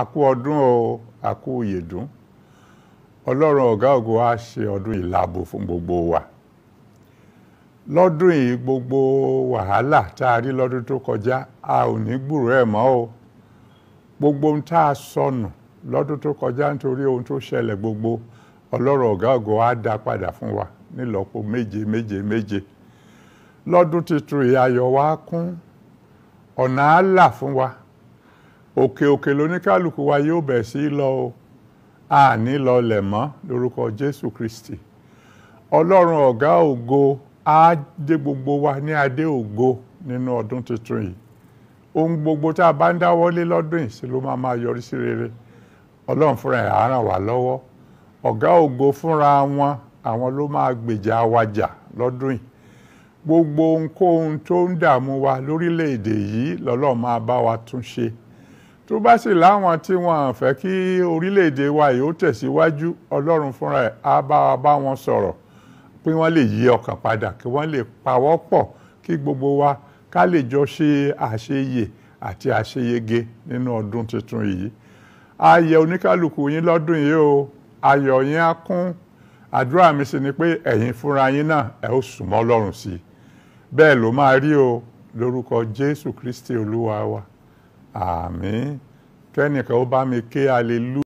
àkú ọdún o àkú ìyèdún ọlọ́run ọ̀gá ògo á ṣe ọdún ìlàbò fún gbogbo wa lọ́dún yìí gbogbo wàhálà tá a rí lọ́dún tó kọjá a ò ní gbúrò ẹ̀ mọ́ o gbogbo ohun tá a sọnù lọ́dún tó kọjá nítorí ohun tó ṣẹlẹ̀ gbogbo ọlọ́run ọ̀gá ògo a dá padà fún wa nílọ́po méje méje méje lọ́dún tuntun ìyàyọ̀ wa kún ọ̀nà á là fún wa òkè òkè lóníkálukú wa yóò bẹ̀ sí lọ o àní lọlẹ̀ mọ́ lórúkọ Jésù Kristi Ọlọ́run ọ̀gá ògo á dé gbogbo wa ní adé ògo nínú ọdún tuntun yìí ohun gbogbo tá a bá ń dáwọ́lé lọ́dún yìí sí ló máa máa yọrí sí rere Ọlọ́run fúnra ẹ̀ á ràn wá lọ́wọ́ ọ̀gá ògo fúnra wọn àwọn ló máa gbèjà wa jà lọ́dún yìí gbogbo ohunkóhun tó ń dààmú wa lórílẹ̀‐èdè yìí lọ́lọ́run máa bá wa tún ṣe tó bá sì láwọn tí wọ́n fẹ́ kí orílẹ̀-èdè wa yìí ó tẹ̀síwájú ọlọ́run fúnra ẹ̀ á bá wa bá wọn sọ̀rọ̀ pé wọ́n lè yí ọkàn padà kí wọ́n lè pawọ́ pọ̀ kí gbogbo wa ká lè jọ ṣe àṣeyè àti àṣeyege nínú ọdún tuntun yìí ayẹ oníkálukú yín lọ́dún yìí o ayọ̀ yín á kún àdúrà mi sì ni pé ẹ̀yin fúnra yín náà ẹ ó sùnmọ́ ọlọ́run sí i bẹ́ẹ̀ ló máa rí o lórúkọ Jésù Kristi olúwa wa àmín kẹ́nìkan ó bá mi ké hallelujah.